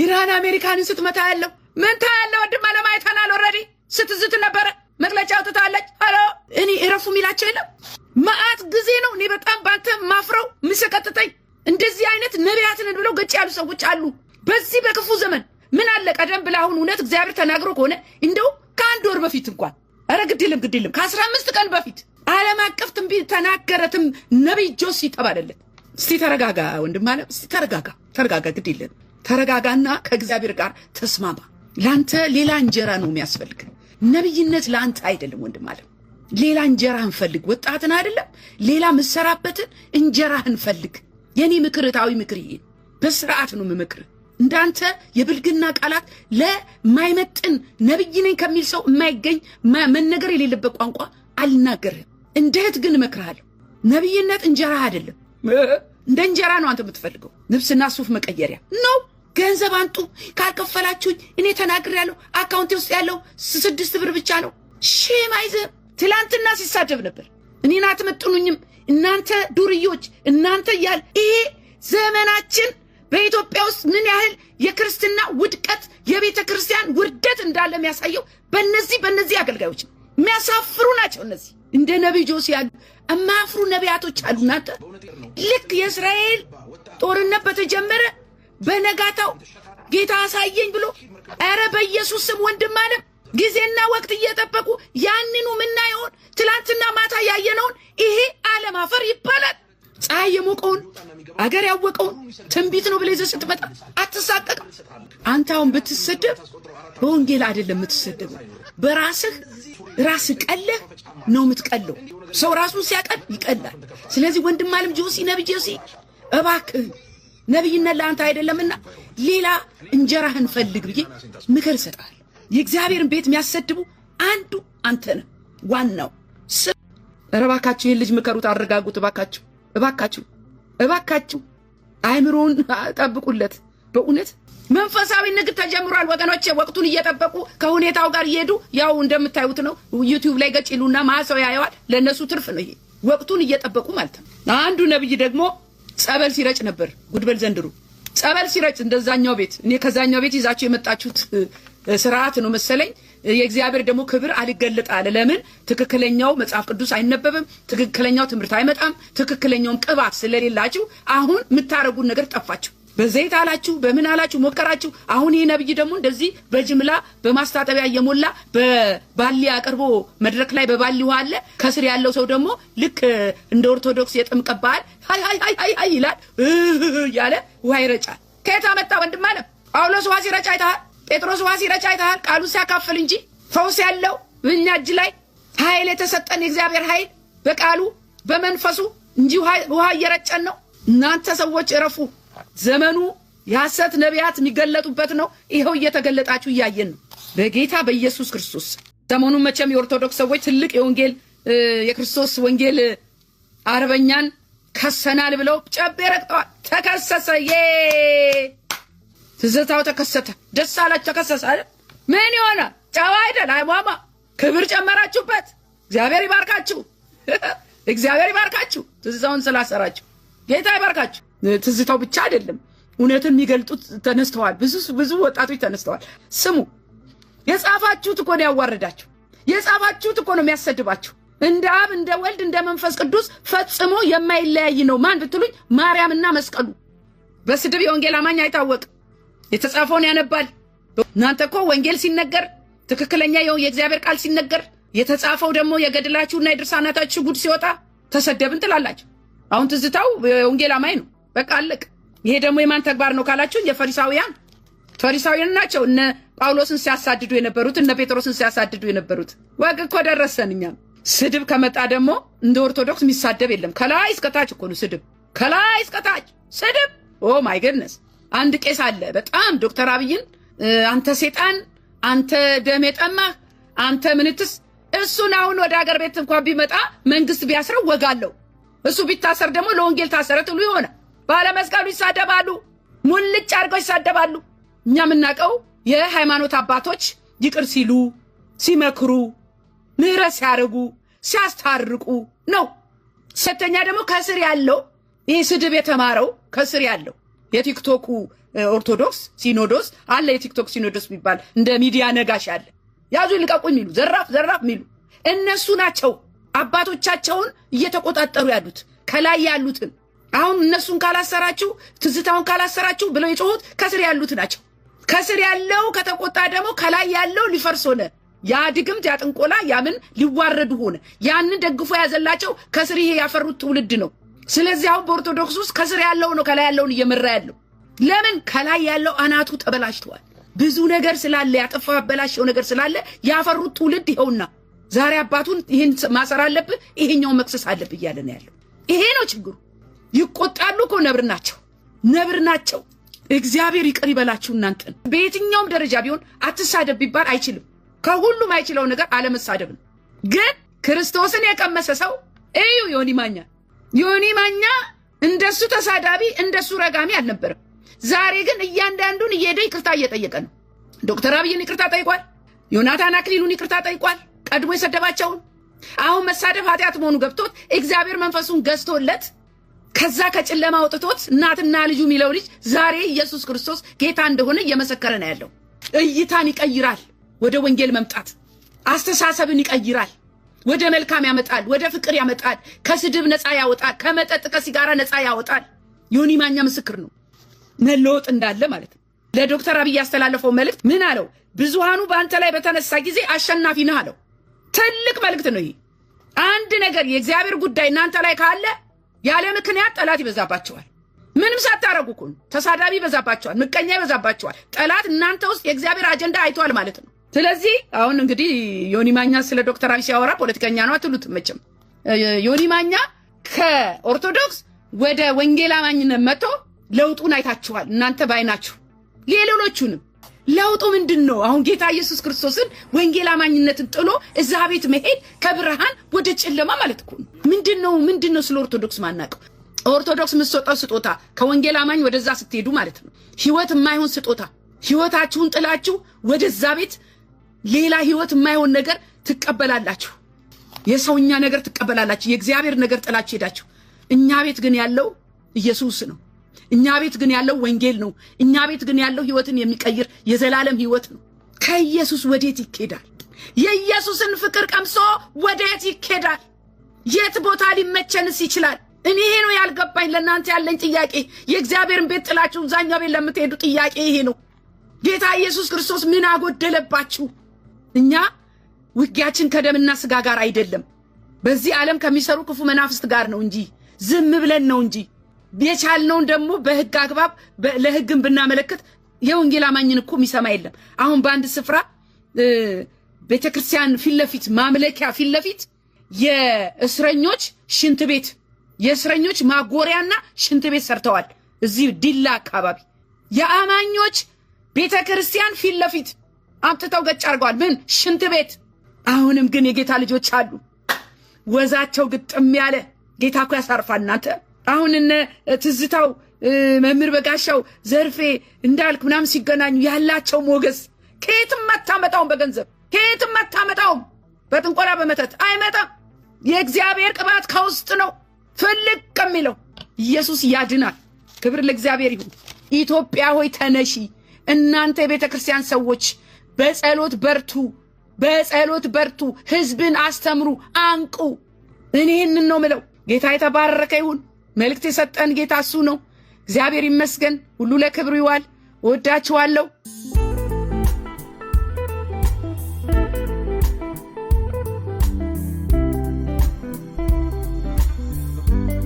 ኢራን አሜሪካንን ስትመታ ያለው መንታ ያለው ወድም አለማየታናል ኦልሬዲ ስትዝት ነበረ መግለጫ አውጥታለች። አሎ እኔ እረፉ የሚላቸው የለም መዓት ጊዜ ነው። እኔ በጣም ባንተ ማፍረው ምሰቀጥጠኝ እንደዚህ አይነት ነቢያትንን ብለው ገጭ ያሉ ሰዎች አሉ። በዚህ በክፉ ዘመን ምን አለ ቀደም ብለህ አሁን እውነት እግዚአብሔር ተናግሮ ከሆነ እንደው ከአንድ ወር በፊት እንኳን ኧረ ግድልም ግድልም ከአስራ አምስት ቀን በፊት ዓለም አቀፍ ትንቢት ተናገረትም ነቢይ ጆሲ ተባለለት። እስቲ ተረጋጋ ወንድም አለ። እስቲ ተረጋጋ ተረጋጋ፣ ግድልን ተረጋጋና ከእግዚአብሔር ጋር ተስማማ። ለአንተ ሌላ እንጀራ ነው የሚያስፈልግ። ነቢይነት ለአንተ አይደለም ወንድም አለ። ሌላ እንጀራህን ፈልግ። ወጣትን አይደለም ሌላ ምሰራበትን እንጀራህን ፈልግ። የኔ ምክር እታዊ ምክር ይሄን በስርዓት ነው ምምክር እንዳንተ የብልግና ቃላት ለማይመጥን ነብይ ነኝ ከሚል ሰው የማይገኝ መነገር የሌለበት ቋንቋ አልናገርህም። እንደ እህት ግን እመክርሃለሁ። ነብይነት እንጀራህ አይደለም። እንደ እንጀራ ነው አንተ የምትፈልገው። ልብስና ሱፍ መቀየሪያ ነው። ገንዘብ አንጡ ካልከፈላችሁኝ እኔ ተናግሬያለሁ። አካውንቴ ውስጥ ያለው ስድስት ብር ብቻ ነው። ሼም አይዘር ትላንትና ሲሳደብ ነበር። እኔን አትመጥኑኝም እናንተ ዱርዮች፣ እናንተ እያል ይሄ ዘመናችን በኢትዮጵያ ውስጥ ምን ያህል የክርስትና ውድቀት የቤተ ክርስቲያን ውርደት እንዳለ የሚያሳየው በነዚህ በነዚህ አገልጋዮች የሚያሳፍሩ ናቸው። እነዚህ እንደ ነቢይ ጆሴ ያሉ የማያፍሩ ነቢያቶች አሉ። እናንተ ልክ የእስራኤል ጦርነት በተጀመረ በነጋታው ጌታ አሳየኝ ብሎ ኧረ በኢየሱስ ስም ወንድም አለ ጊዜና ወቅት እየጠበቁ ያንኑ ምናየውን ትላንትና ማታ ያየነውን ይሄ ዓለም አፈር ይባላል። ፀሐይ የሞቀውን አገር ያወቀውን ትንቢት ነው ብለህ ይዘህ ስትመጣ አትሳቀቅም። አንተ አሁን ብትሰደብ በወንጌል አይደለም የምትሰደብ፣ በራስህ ራስህ ቀለህ ነው የምትቀለው። ሰው ራሱን ሲያቀል ይቀላል። ስለዚህ ወንድም አለም ጆሲ ነብይ ጆሲ እባክህ ነቢይነት ለአንተ አይደለምና ሌላ እንጀራህን ፈልግ ብዬ ምክር እሰጥሃለሁ። የእግዚአብሔርን ቤት የሚያሰድቡ አንዱ አንተ ነህ። ዋናው ስም እባካችሁ ይህን ልጅ ምከሩት፣ አረጋጉት። እባካችሁ እባካችሁ እባካችሁ አይምሮውን ጠብቁለት። በእውነት መንፈሳዊ ንግድ ተጀምሯል ወገኖቼ። ወቅቱን እየጠበቁ ከሁኔታው ጋር እየሄዱ ያው እንደምታዩት ነው። ዩቲዩብ ላይ ገጭ ይሉና ማሰው ያየዋል። ለእነሱ ትርፍ ነው ይሄ። ወቅቱን እየጠበቁ ማለት ነው። አንዱ ነብይ ደግሞ ጸበል ሲረጭ ነበር ጉድበል ዘንድሮ ጸበል ሲረጭ እንደዛኛው ቤት እኔ ከዛኛው ቤት ይዛችሁ የመጣችሁት ስርዓት ነው መሰለኝ። የእግዚአብሔር ደግሞ ክብር አልገለጥ አለ። ለምን ትክክለኛው መጽሐፍ ቅዱስ አይነበብም? ትክክለኛው ትምህርት አይመጣም። ትክክለኛውም ቅባት ስለሌላችሁ አሁን የምታደርጉን ነገር ጠፋችሁ። በዘይት አላችሁ በምን አላችሁ ሞከራችሁ። አሁን ይህ ነብይ ደግሞ እንደዚህ በጅምላ በማስታጠቢያ እየሞላ በባሊ አቅርቦ መድረክ ላይ በባሊ ውሃ አለ። ከስር ያለው ሰው ደግሞ ልክ እንደ ኦርቶዶክስ የጥምቀት በዓል ሀይ ሀይ ይላል እያለ ውሃ ይረጫል። ከየት መጣ ወንድም አለም? ጳውሎስ ውሃ ሲረጫ አይተሃል? ጴጥሮስ ውሃ ሲረጫ አይተሃል? ቃሉ ሲያካፍል እንጂ ፈውስ ያለው እኛ እጅ ላይ ኃይል የተሰጠን የእግዚአብሔር ኃይል በቃሉ በመንፈሱ እንጂ ውሃ እየረጨን ነው። እናንተ ሰዎች እረፉ። ዘመኑ የሐሰት ነቢያት የሚገለጡበት ነው። ይኸው እየተገለጣችሁ እያየን ነው። በጌታ በኢየሱስ ክርስቶስ ሰሞኑን መቼም የኦርቶዶክስ ሰዎች ትልቅ የወንጌል የክርስቶስ ወንጌል አርበኛን ከሰናል ብለው ጨቤ ረግጠዋል። ተከሰሰ። ትዝታው ተከሰተ። ደስ አላችሁ። ተከሰሰ አይደል? ምን ይሆነ ጨዋ አይደል? አይሟማ። ክብር ጨመራችሁበት። እግዚአብሔር ይባርካችሁ። እግዚአብሔር ይባርካችሁ። ትዝታውን ስላሰራችሁ ጌታ ይባርካችሁ። ትዝታው ብቻ አይደለም፣ እውነትን የሚገልጡት ተነስተዋል። ብዙ ብዙ ወጣቶች ተነስተዋል። ስሙ፣ የጻፋችሁት እኮ ነው ያዋረዳችሁ። የጻፋችሁት እኮ ነው የሚያሰድባችሁ። እንደ አብ እንደ ወልድ እንደ መንፈስ ቅዱስ ፈጽሞ የማይለያይ ነው። ማን ብትሉኝ፣ ማርያምና መስቀሉ። በስድብ የወንጌል አማኝ አይታወቅም። የተጻፈውን ያነባል። እናንተ እኮ ወንጌል ሲነገር ትክክለኛ የእግዚአብሔር ቃል ሲነገር የተጻፈው ደግሞ የገድላችሁና የድርሳናታችሁ ጉድ ሲወጣ ተሰደብን ትላላችሁ። አሁን ትዝታው የወንጌል አማኝ ነው። በቃ አለቅ። ይሄ ደግሞ የማን ተግባር ነው ካላችሁ የፈሪሳውያን ፈሪሳውያን ናቸው። እነ ጳውሎስን ሲያሳድዱ የነበሩት እነ ጴጥሮስን ሲያሳድዱ የነበሩት ወግ እኮ ደረሰን። እኛም ስድብ ከመጣ ደግሞ እንደ ኦርቶዶክስ የሚሳደብ የለም። ከላይ እስከታች እኮ ነው ስድብ፣ ከላይ እስከታች ስድብ። ኦ ማይ ገድነስ! አንድ ቄስ አለ በጣም ዶክተር አብይን አንተ ሴጣን፣ አንተ ደም የጠማህ አንተ ምንትስ። እሱን አሁን ወደ ሀገር ቤት እንኳን ቢመጣ መንግስት ቢያስረው ወጋለው። እሱ ቢታሰር ደግሞ ለወንጌል ታሰረ ትሉ ይሆናል። ባለመስቀሉ ይሳደባሉ፣ ሙልጭ አድርገው ይሳደባሉ። እኛ የምናውቀው የሃይማኖት አባቶች ይቅር ሲሉ ሲመክሩ፣ ምህረት ሲያደርጉ፣ ሲያስታርቁ ነው። ሰተኛ ደግሞ ከስር ያለው ይህ ስድብ የተማረው ከስር ያለው የቲክቶኩ ኦርቶዶክስ ሲኖዶስ አለ። የቲክቶክ ሲኖዶስ የሚባል እንደ ሚዲያ ነጋሽ አለ። ያዙ ልቀቁ የሚሉ ዘራፍ ዘራፍ የሚሉ እነሱ ናቸው አባቶቻቸውን እየተቆጣጠሩ ያሉት ከላይ ያሉትን አሁን እነሱን ካላሰራችሁ ትዝታውን ካላሰራችሁ ብለው የጮሁት ከስር ያሉት ናቸው። ከስር ያለው ከተቆጣ ደግሞ ከላይ ያለው ሊፈርስ ሆነ። ያ ድግምት ያ ጥንቆላ ያምን ሊዋረዱ ሆነ። ያንን ደግፎ ያዘላቸው ከስር ይሄ ያፈሩት ትውልድ ነው። ስለዚህ አሁን በኦርቶዶክስ ውስጥ ከስር ያለው ነው ከላይ ያለውን እየመራ ያለው። ለምን ከላይ ያለው አናቱ ተበላሽተዋል። ብዙ ነገር ስላለ ያጠፋ አበላሸው ነገር ስላለ ያፈሩት ትውልድ ይኸውና፣ ዛሬ አባቱን ይህን ማሰር አለብህ፣ ይሄኛውን መክሰስ አለብህ እያለ ነው ያለው። ይሄ ነው ችግሩ። ይቆጣሉ እኮ ነብር ናቸው፣ ነብር ናቸው። እግዚአብሔር ይቅር ይበላችሁ እናንተን። በየትኛውም ደረጃ ቢሆን አትሳደብ ቢባል አይችልም። ከሁሉም አይችለው ነገር አለመሳደብ ነው። ግን ክርስቶስን የቀመሰ ሰው እዩ ዮኒ ማኛ ዮኒ ማኛ እንደሱ ተሳዳቢ እንደሱ ረጋሚ አልነበረም። ዛሬ ግን እያንዳንዱን እየሄደ ይቅርታ እየጠየቀ ነው። ዶክተር አብይን ይቅርታ ጠይቋል። ዮናታን አክሊሉን ይቅርታ ጠይቋል። ቀድሞ የሰደባቸውን አሁን መሳደብ ኃጢአት መሆኑ ገብቶት እግዚአብሔር መንፈሱን ገዝቶለት ከዛ ከጨለማ አውጥቶት እናትና ልጁ የሚለው ልጅ ዛሬ ኢየሱስ ክርስቶስ ጌታ እንደሆነ እየመሰከረ ነው ያለው። እይታን ይቀይራል። ወደ ወንጌል መምጣት አስተሳሰብን ይቀይራል። ወደ መልካም ያመጣል። ወደ ፍቅር ያመጣል። ከስድብ ነፃ ያወጣል። ከመጠጥ ከሲጋራ ነፃ ያወጣል። ዮኒ ማኛ ምስክር ነው መለወጥ እንዳለ ማለት ነው። ለዶክተር አብይ ያስተላለፈው መልእክት ምን አለው? ብዙሃኑ በአንተ ላይ በተነሳ ጊዜ አሸናፊ ነህ አለው። ትልቅ መልእክት ነው ይህ። አንድ ነገር የእግዚአብሔር ጉዳይ እናንተ ላይ ካለ ያለ ምክንያት ጠላት ይበዛባቸዋል። ምንም ሳታረጉ እኮ ተሳዳቢ ይበዛባቸዋል፣ ምቀኛ ይበዛባቸዋል። ጠላት እናንተ ውስጥ የእግዚአብሔር አጀንዳ አይቷል ማለት ነው። ስለዚህ አሁን እንግዲህ ዮኒ ማኛ ስለ ዶክተር አብይ ሲያወራ ፖለቲከኛ ነው አትሉት መቼም። ዮኒ ማኛ ከኦርቶዶክስ ወደ ወንጌላማኝነት መጥቶ ለውጡን አይታችኋል እናንተ ባይናችሁ የሌሎቹንም ለውጡ ምንድን ነው? አሁን ጌታ ኢየሱስ ክርስቶስን ወንጌል አማኝነትን ጥሎ እዛ ቤት መሄድ ከብርሃን ወደ ጨለማ ማለት እኮ ነው። ምንድን ነው ምንድን ነው? ስለ ኦርቶዶክስ ማናውቀው ኦርቶዶክስ የምትሰጠው ስጦታ ከወንጌል አማኝ ወደዛ ስትሄዱ ማለት ነው ህይወት የማይሆን ስጦታ፣ ህይወታችሁን ጥላችሁ ወደዛ ቤት ሌላ ህይወት የማይሆን ነገር ትቀበላላችሁ። የሰውኛ ነገር ትቀበላላችሁ። የእግዚአብሔር ነገር ጥላችሁ ሄዳችሁ። እኛ ቤት ግን ያለው ኢየሱስ ነው። እኛ ቤት ግን ያለው ወንጌል ነው። እኛ ቤት ግን ያለው ህይወትን የሚቀይር የዘላለም ህይወት ነው። ከኢየሱስ ወዴት ይኬዳል? የኢየሱስን ፍቅር ቀምሶ ወዴት ይኬዳል? የት ቦታ ሊመቸንስ ይችላል? እኔ ይሄ ነው ያልገባኝ። ለእናንተ ያለኝ ጥያቄ የእግዚአብሔርን ቤት ጥላችሁ እዛኛው ቤት ለምትሄዱ ጥያቄ ይሄ ነው። ጌታ ኢየሱስ ክርስቶስ ምን አጎደለባችሁ? እኛ ውጊያችን ከደምና ስጋ ጋር አይደለም፣ በዚህ ዓለም ከሚሰሩ ክፉ መናፍስት ጋር ነው እንጂ ዝም ብለን ነው እንጂ የቻልነውን ደግሞ በህግ አግባብ ለህግን ብናመለክት የወንጌል አማኝን እኮ የሚሰማ የለም። አሁን በአንድ ስፍራ ቤተክርስቲያን ፊት ለፊት ማምለኪያ ፊት ለፊት የእስረኞች ሽንት ቤት የእስረኞች ማጎሪያና ሽንት ቤት ሰርተዋል። እዚህ ዲላ አካባቢ የአማኞች ቤተ ክርስቲያን ፊት ለፊት አምጥተው ገጭ አድርገዋል። ምን ሽንት ቤት። አሁንም ግን የጌታ ልጆች አሉ፣ ወዛቸው ግጥም ያለ ጌታ እኮ ያሳርፋ እናንተ አሁን እነ ትዝታው መምህር በጋሻው ዘርፌ እንዳልክ ምናምን ሲገናኙ ያላቸው ሞገስ ከየትም አታመጣውም። በገንዘብ ከየትም አታመጣውም። በጥንቆላ በመተት አይመጣም። የእግዚአብሔር ቅባት ከውስጥ ነው ፍልቅ ከሚለው ኢየሱስ ያድናል። ክብር ለእግዚአብሔር ይሁን። ኢትዮጵያ ሆይ ተነሺ። እናንተ የቤተ ክርስቲያን ሰዎች በጸሎት በርቱ፣ በጸሎት በርቱ። ህዝብን አስተምሩ፣ አንቁ። እኔ ይህንን ነው ምለው። ጌታ የተባረከ ይሁን። መልእክት የሰጠን ጌታ እሱ ነው። እግዚአብሔር ይመስገን። ሁሉ ለክብሩ ይዋል። ወዳችኋለሁ።